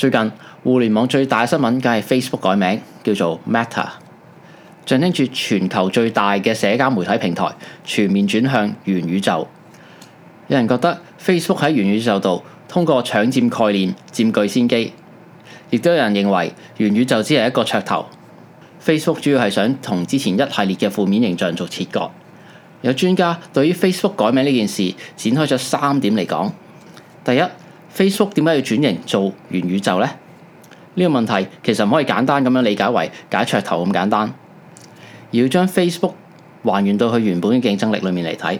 最近互聯網最大嘅新聞，梗係 Facebook 改名叫做 Meta，象徵住全球最大嘅社交媒體平台全面轉向元宇宙。有人覺得 Facebook 喺元宇宙度通過搶佔概念佔據先機，亦都有人認為元宇宙只係一個噱頭。Facebook 主要係想同之前一系列嘅負面形象做切割。有專家對於 Facebook 改名呢件事展開咗三點嚟講，第一。Facebook 點解要轉型做元宇宙呢？呢、呢個問題其實唔可以簡單咁樣理解為解噱頭咁簡單，而要將 Facebook 還原到佢原本嘅競爭力裏面嚟睇。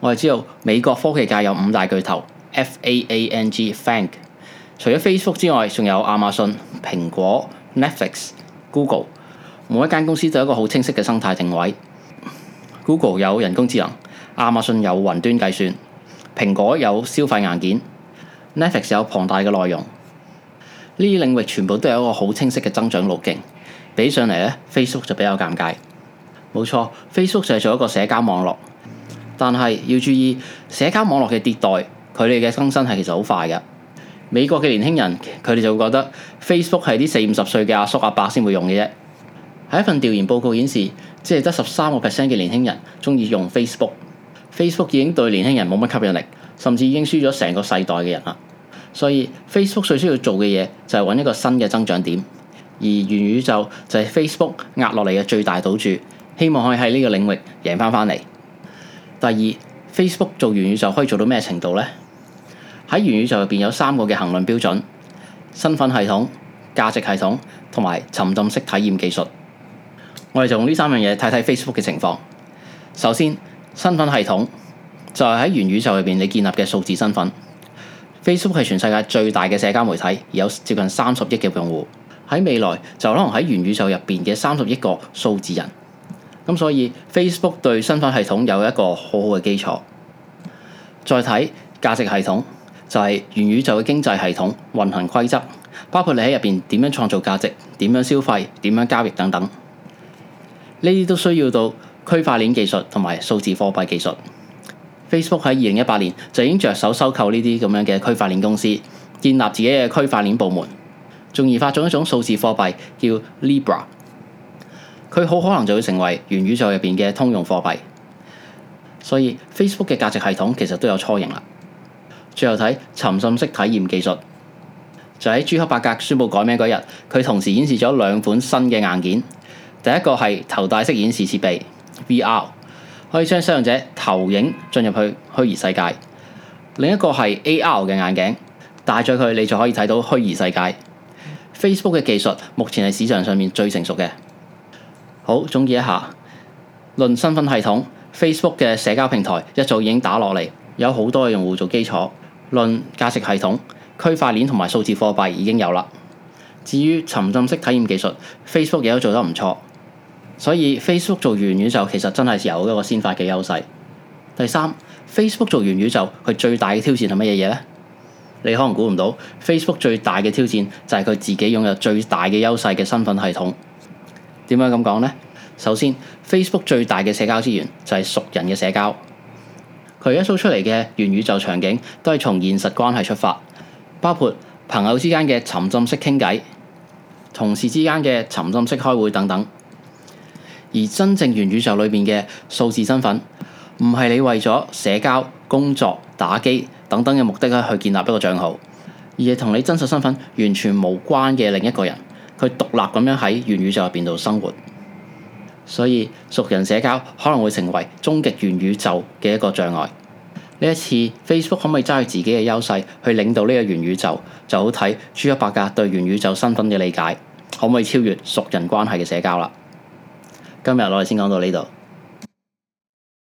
我哋知道美國科技界有五大巨頭 FAANG、Fank，除咗 Facebook 之外，仲有亞馬遜、蘋果、Netflix、Google。每一間公司都有一個好清晰嘅生態定位。Google 有人工智能，亞馬遜有雲端計算，蘋果有消費硬件。Netflix 有龐大嘅內容，呢啲領域全部都有一個好清晰嘅增長路徑。比上嚟咧，Facebook 就比較尷尬。冇錯，Facebook 就係做一個社交網絡，但係要注意，社交網絡嘅迭代，佢哋嘅更新係其實好快㗎。美國嘅年輕人，佢哋就會覺得 Facebook 係啲四五十歲嘅阿叔阿伯先會用嘅啫。喺一份調研報告顯示，即係得十三個 percent 嘅年輕人中意用 Facebook，Facebook 已經對年輕人冇乜吸引力，甚至已經輸咗成個世代嘅人啦。所以 Facebook 最需要做嘅嘢就係揾一個新嘅增長點，而元宇宙就係 Facebook 壓落嚟嘅最大賭注，希望可以喺呢個領域贏翻翻嚟。第二，Facebook 做元宇宙可以做到咩程度呢？喺元宇宙入邊有三個嘅衡量標準：身份系統、價值系統同埋沉浸式體驗技術。我哋就用呢三樣嘢睇睇 Facebook 嘅情況。首先，身份系統就係喺元宇宙入邊你建立嘅數字身份。Facebook 係全世界最大嘅社交媒體，有接近三十億嘅用戶。喺未來就可能喺元宇宙入邊嘅三十億個數字人。咁所以 Facebook 對身份系統有一個好好嘅基礎。再睇價值系統，就係元宇宙嘅經濟系統運行規則，包括你喺入邊點樣創造價值、點樣消費、點樣交易等等。呢啲都需要到區塊鏈技術同埋數字貨幣技術。Facebook 喺二零一八年就已經着手收購呢啲咁樣嘅區塊鏈公司，建立自己嘅區塊鏈部門，仲研發咗一種數字貨幣叫 Libra，佢好可能就會成為元宇宙入邊嘅通用貨幣，所以 Facebook 嘅價值系統其實都有雛形啦。最後睇沉浸式體驗技術，就喺朱克伯格宣布改名嗰日，佢同時演示咗兩款新嘅硬件，第一個係頭戴式顯示設備 VR。可以將使用者投影進入去虛擬世界。另一個係 AR 嘅眼鏡，戴咗佢你就可以睇到虛擬世界。Facebook 嘅技術目前係市場上面最成熟嘅。好，總結一下，論身份系統，Facebook 嘅社交平台一早已經打落嚟，有好多嘅用戶做基礎。論價值系統，區塊鏈同埋數字貨幣已經有啦。至於沉浸式體驗技術，Facebook 亦都做得唔錯。所以 Facebook 做元宇宙其實真係有一個先發嘅優勢。第三，Facebook 做元宇宙佢最大嘅挑戰係乜嘢嘢咧？你可能估唔到 Facebook 最大嘅挑戰就係佢自己擁有最大嘅優勢嘅身份系統。點解咁講咧？首先，Facebook 最大嘅社交資源就係熟人嘅社交。佢一搜出嚟嘅元宇宙場景都係從現實關係出發，包括朋友之間嘅沉浸式傾偈、同事之間嘅沉浸式開會等等。而真正元宇宙裏面嘅數字身份，唔係你為咗社交、工作、打機等等嘅目的去建立一個賬號，而係同你真實身份完全無關嘅另一個人，佢獨立咁樣喺元宇宙入邊度生活。所以熟人社交可能會成為終極元宇宙嘅一個障礙。呢一次 Facebook 可唔可以揸住自己嘅優勢去領導呢個元宇宙，就好睇 G100 對元宇宙身份嘅理解，可唔可以超越熟人關係嘅社交啦？今日我哋先講到呢度。